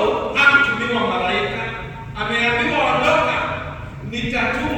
Sauli hakutumiwa malaika, ameambiwa ondoka, nitatu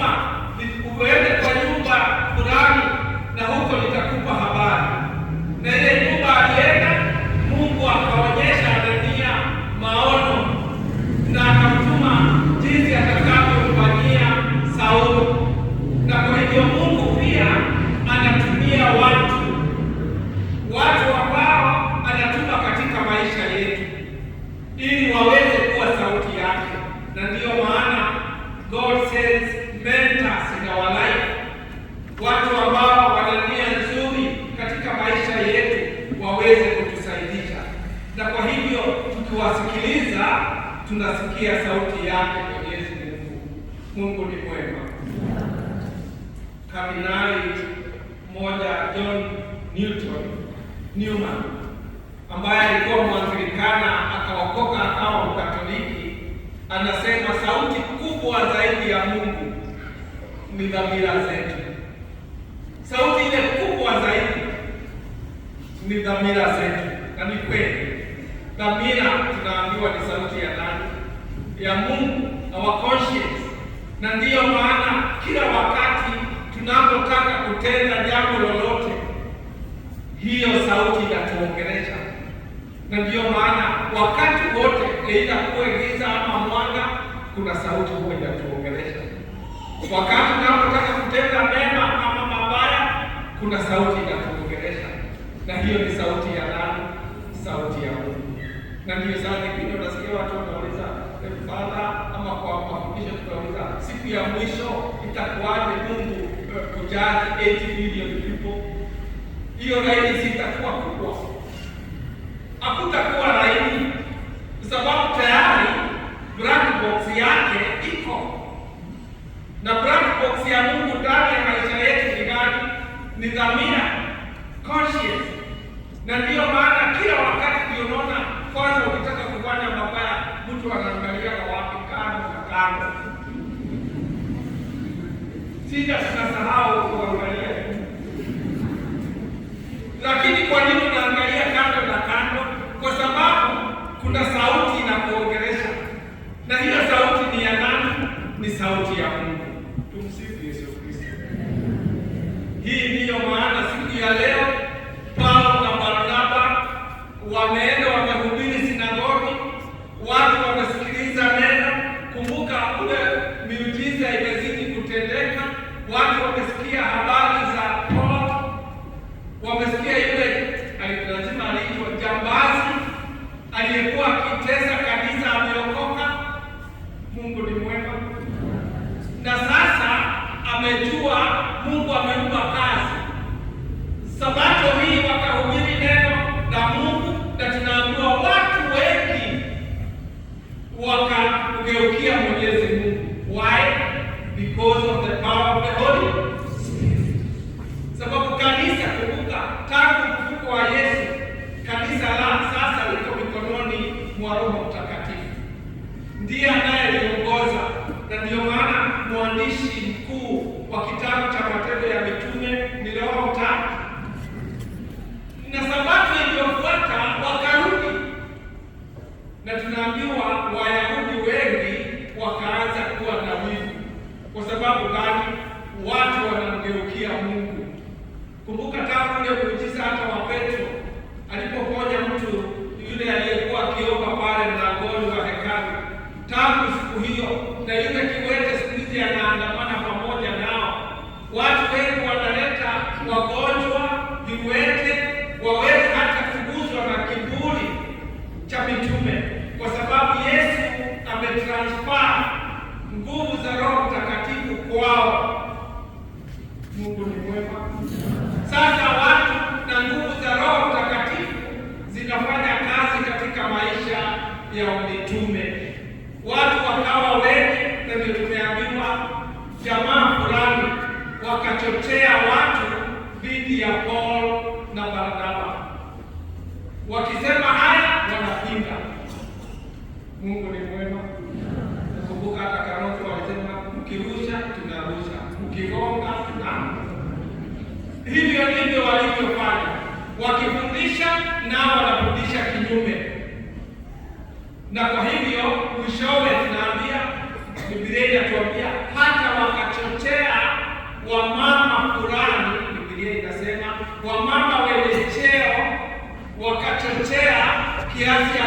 Newton Newman ambaye alikuwa Mwangilikana akaokoka akawa Mkatoliki, anasema sauti kubwa zaidi ya Mungu ni dhamira zetu. Sauti ile kubwa zaidi ni dhamira zetu, na ni kweli. Dhamira tunaambiwa ni sauti ya ndani Ya Mungu, our conscience. Na ndiyo maana kila wakati tunapotaka kutenda jambo lolote hiyo sauti inatuongelesha, na ndiyo maana wakati wote, aidha kuwe giza ama mwanga, kuna sauti huwa inatuongelesha. Wakati unapotaka kutenda mema ama mabaya, kuna sauti inatuongelesha, na hiyo ni sauti ya nani? Sauti ya Mungu. Na ndiyo saa nyingine unasikia watu wanauliza Fadha, ama kwa mafundisho tunauliza siku ya mwisho itakuwaje Mungu eh, kujaji 8 milioni hiyo laini zitakuwa kubwa, hakutakuwa laini, kwa sababu tayari black box yake iko na black box ya Mungu ndani ya maisha yetu ni gani? Ni dhamira conscious, na ndiyo maana kila wakati unaona, kwanza ukitaka kufanya mabaya mtu anaangalia kwa wapi? Kando na kando, sija tunasahau kuangalia because of the kukataa tangu ule muujiza hata wa Petro alipoponya mitume, watu wakawa wengi, ndio tumeambiwa jamaa fulani wakachochea watu dhidi ya Paul na Barnaba, wakisema haya wanapinga. Mungu ni mwema. Kumbuka hata Karoti walisema mkirusha tunarusha, mkigonga tunaa. Hivyo ndivyo walivyofanya wakifundisha nao na kwa hivyo mwishowe, tunaambia Biblia inatuambia hata wakachochea wamama fulani, Biblia inasema wamama wenye cheo wakachochea kiasi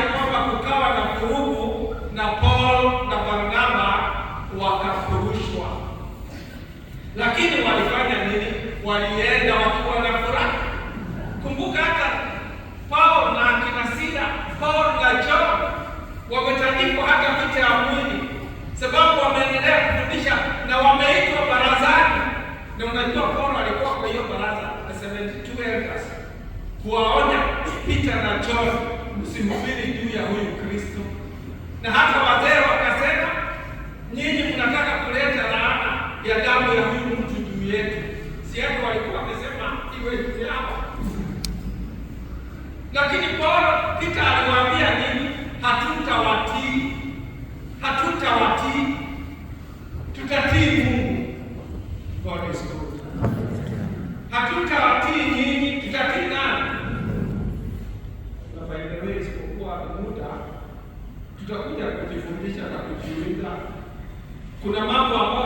mioyo msihubiri juu ya huyu Kristo. Na hata wazee wakasema, nyinyi mnataka kuleta laana ya damu ya huyu mtu juu yetu, siapo walikuwa wamesema iwe juu yao. Lakini Paulo kita aliwaambia nini? hatutawatu Kuna mambo ambayo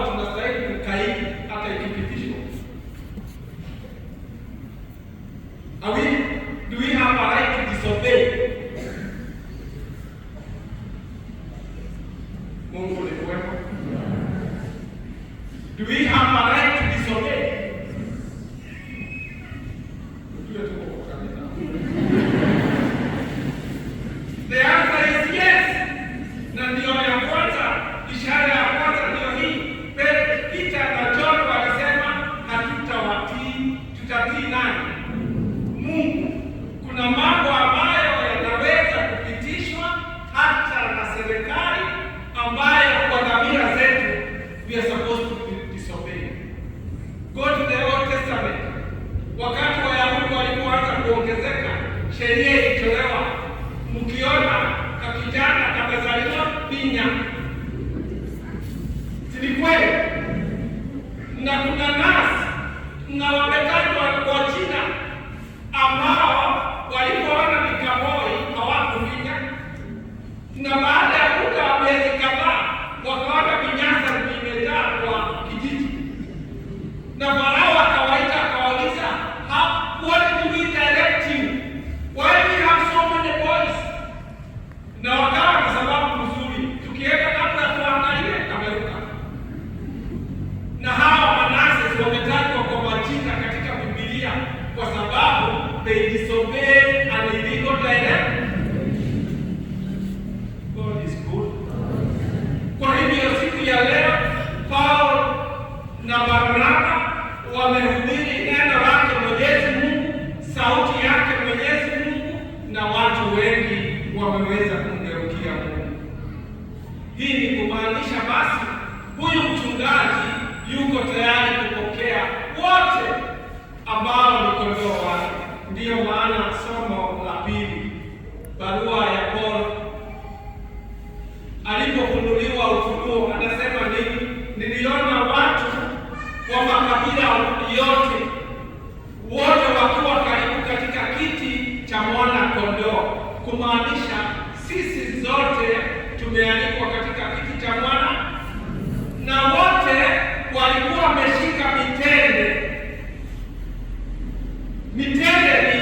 kweli na kuna nasi na wabekaji tayari kupokea wote ambao ni kondoo wake. Ndiyo maana somo la pili, barua ya Paulo alipofunuliwa ufunuo, anasema nini? Niliona watu wa makabila yote wote wakiwa karibu katika kiti cha mwana kondoo, kumaanisha sisi zote tumealikwa katika kiti cha mwana na mitende mitende